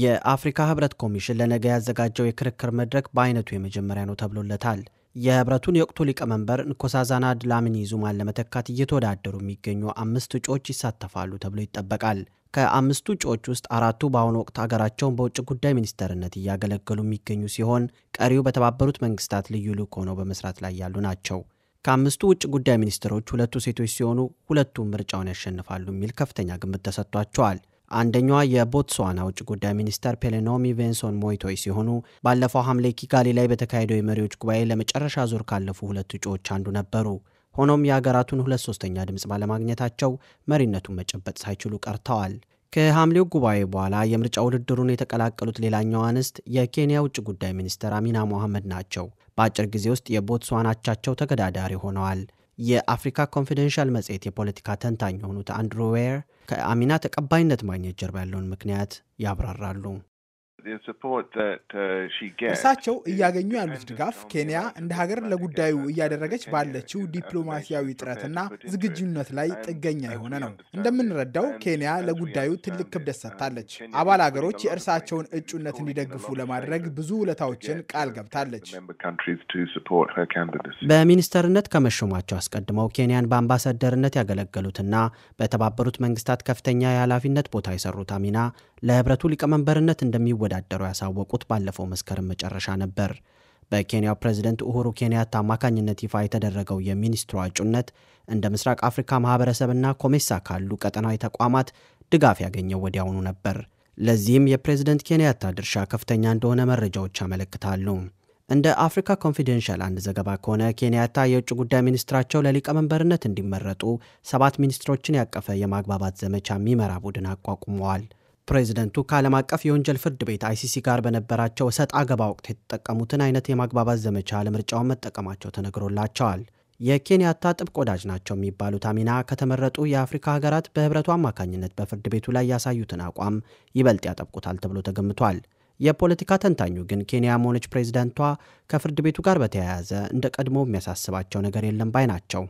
የአፍሪካ ህብረት ኮሚሽን ለነገ ያዘጋጀው የክርክር መድረክ በአይነቱ የመጀመሪያ ነው ተብሎለታል። የህብረቱን የወቅቱ ሊቀመንበር ንኮሳዛና ድላሚኒ ዙማን ለመተካት እየተወዳደሩ የሚገኙ አምስት እጩዎች ይሳተፋሉ ተብሎ ይጠበቃል። ከአምስቱ እጩዎች ውስጥ አራቱ በአሁኑ ወቅት ሀገራቸውን በውጭ ጉዳይ ሚኒስተርነት እያገለገሉ የሚገኙ ሲሆን ቀሪው በተባበሩት መንግስታት ልዩ ልዑክ ሆነው በመስራት ላይ ያሉ ናቸው። ከአምስቱ ውጭ ጉዳይ ሚኒስትሮች ሁለቱ ሴቶች ሲሆኑ ሁለቱም ምርጫውን ያሸንፋሉ የሚል ከፍተኛ ግምት ተሰጥቷቸዋል። አንደኛዋ የቦትስዋና ውጭ ጉዳይ ሚኒስተር ፔሌኖሚ ቬንሶን ሞይቶይ ሲሆኑ ባለፈው ሐምሌ ኪጋሊ ላይ በተካሄደው የመሪዎች ጉባኤ ለመጨረሻ ዙር ካለፉ ሁለት እጩዎች አንዱ ነበሩ። ሆኖም የአገራቱን ሁለት ሶስተኛ ድምፅ ባለማግኘታቸው መሪነቱን መጨበጥ ሳይችሉ ቀርተዋል። ከሐምሌው ጉባኤ በኋላ የምርጫ ውድድሩን የተቀላቀሉት ሌላኛው አንስት የኬንያ ውጭ ጉዳይ ሚኒስተር አሚና ሞሐመድ ናቸው። በአጭር ጊዜ ውስጥ የቦትስዋናቻቸው ተገዳዳሪ ሆነዋል። የአፍሪካ ኮንፊደንሻል መጽሔት የፖለቲካ ተንታኝ የሆኑት አንድሩ ዌር ከአሚና ተቀባይነት ማግኘት ጀርባ ያለውን ምክንያት ያብራራሉ። Uh, እሳቸው እያገኙ ያሉት ድጋፍ ኬንያ እንደ ሀገር ለጉዳዩ uh, እያደረገች ባለችው ዲፕሎማሲያዊ ጥረትና ዝግጁነት ላይ ጥገኛ የሆነ ነው። እንደምንረዳው ኬንያ ለጉዳዩ ትልቅ ክብደት uh, ሰጥታለች። አባል ሀገሮች የእርሳቸውን እጩነት እንዲደግፉ ለማድረግ ብዙ ውለታዎችን ቃል ገብታለች። በሚኒስተርነት ከመሾማቸው አስቀድመው ኬንያን በአምባሳደርነት ያገለገሉትና በተባበሩት መንግስታት ከፍተኛ የኃላፊነት ቦታ የሰሩት አሚና ለህብረቱ ሊቀመንበርነት እንደሚወዳደሩ ያሳወቁት ባለፈው መስከረም መጨረሻ ነበር። በኬንያው ፕሬዝደንት ኡሁሩ ኬንያታ አማካኝነት ይፋ የተደረገው የሚኒስትሩ እጩነት እንደ ምስራቅ አፍሪካ ማህበረሰብና ኮሜሳ ካሉ ቀጠናዊ ተቋማት ድጋፍ ያገኘው ወዲያውኑ ነበር። ለዚህም የፕሬዝደንት ኬንያታ ድርሻ ከፍተኛ እንደሆነ መረጃዎች ያመለክታሉ። እንደ አፍሪካ ኮንፊደንሻል አንድ ዘገባ ከሆነ ኬንያታ የውጭ ጉዳይ ሚኒስትራቸው ለሊቀመንበርነት እንዲመረጡ ሰባት ሚኒስትሮችን ያቀፈ የማግባባት ዘመቻ የሚመራ ቡድን አቋቁመዋል። ፕሬዚደንቱ ከዓለም አቀፍ የወንጀል ፍርድ ቤት አይሲሲ ጋር በነበራቸው እሰጥ አገባ ወቅት የተጠቀሙትን አይነት የማግባባት ዘመቻ ለምርጫውን መጠቀማቸው ተነግሮላቸዋል። የኬንያታ ጥብቅ ወዳጅ ናቸው የሚባሉት አሚና ከተመረጡ የአፍሪካ ሀገራት በህብረቱ አማካኝነት በፍርድ ቤቱ ላይ ያሳዩትን አቋም ይበልጥ ያጠብቁታል ተብሎ ተገምቷል። የፖለቲካ ተንታኙ ግን ኬንያ መሆነች ፕሬዚደንቷ ከፍርድ ቤቱ ጋር በተያያዘ እንደ ቀድሞ የሚያሳስባቸው ነገር የለም ባይ ናቸው።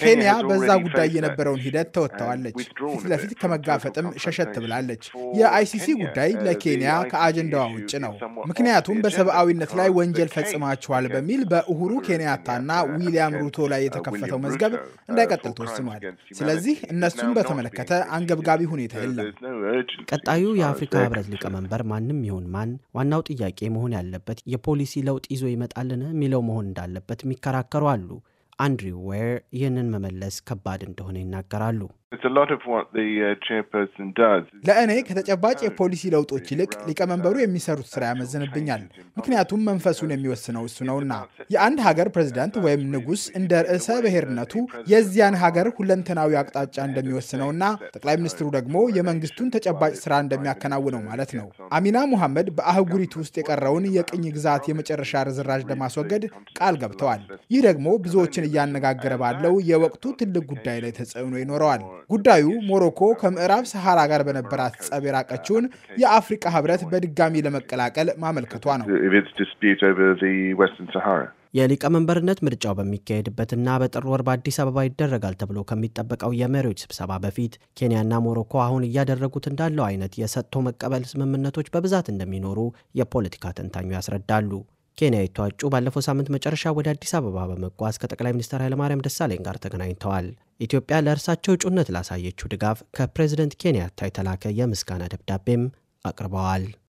ኬንያ በዛ ጉዳይ የነበረውን ሂደት ተወጥተዋለች፣ ፊት ለፊት ከመጋፈጥም ሸሸት ብላለች። የአይሲሲ ጉዳይ uh, ለኬንያ ከአጀንዳዋ ውጭ ነው። ምክንያቱም በሰብአዊነት ላይ ወንጀል ፈጽማችኋል በሚል በኡሁሩ ኬንያታና ዊሊያም ሩቶ ላይ uh, የተከፈተው መዝገብ uh, እንዳይቀጥል ተወስኗል። ስለዚህ እነሱን በተመለከተ አንገብጋቢ ሁኔታ የለም። ቀጣዩ የአፍሪካ ህብረት ሊቀመንበር ማንም ይሁን ማን ዋናው ጥያቄ መሆን ያለበት የፖሊሲ ለውጥ ይዞ ይመጣልን የሚለው መሆን እንዳለበት የሚከራከሩ አሉ። አንድሪው ዌር ይህንን መመለስ ከባድ እንደሆነ ይናገራሉ። Uh, ለእኔ ከተጨባጭ የፖሊሲ ለውጦች ይልቅ ሊቀመንበሩ የሚሰሩት ስራ ያመዝንብኛል። ምክንያቱም መንፈሱን የሚወስነው እሱ ነውና የአንድ ሀገር ፕሬዚዳንት ወይም ንጉስ እንደ ርዕሰ ብሔርነቱ የዚያን ሀገር ሁለንተናዊ አቅጣጫ እንደሚወስነውና ጠቅላይ ሚኒስትሩ ደግሞ የመንግስቱን ተጨባጭ ስራ እንደሚያከናውነው ማለት ነው። አሚና ሙሐመድ በአህጉሪቱ ውስጥ የቀረውን የቅኝ ግዛት የመጨረሻ ርዝራዥ ለማስወገድ ቃል ገብተዋል። ይህ ደግሞ ብዙዎችን እያነጋገረ ባለው የወቅቱ ትልቅ ጉዳይ ላይ ተጽዕኖ ይኖረዋል። ጉዳዩ ሞሮኮ ከምዕራብ ሰሐራ ጋር በነበራት ጸብ የራቀችውን የአፍሪቃ ህብረት በድጋሚ ለመቀላቀል ማመልከቷ ነው። የሊቀመንበርነት ምርጫው በሚካሄድበትና በጥር ወር በአዲስ አበባ ይደረጋል ተብሎ ከሚጠበቀው የመሪዎች ስብሰባ በፊት ኬንያና ሞሮኮ አሁን እያደረጉት እንዳለው አይነት የሰጥቶ መቀበል ስምምነቶች በብዛት እንደሚኖሩ የፖለቲካ ተንታኙ ያስረዳሉ። ኬንያዊቷ እጩ ባለፈው ሳምንት መጨረሻ ወደ አዲስ አበባ በመጓዝ ከጠቅላይ ሚኒስትር ኃይለማርያም ደሳለኝ ጋር ተገናኝተዋል። ኢትዮጵያ ለእርሳቸው እጩነት ላሳየችው ድጋፍ ከፕሬዝደንት ኬንያታ የተላከ የምስጋና ደብዳቤም አቅርበዋል።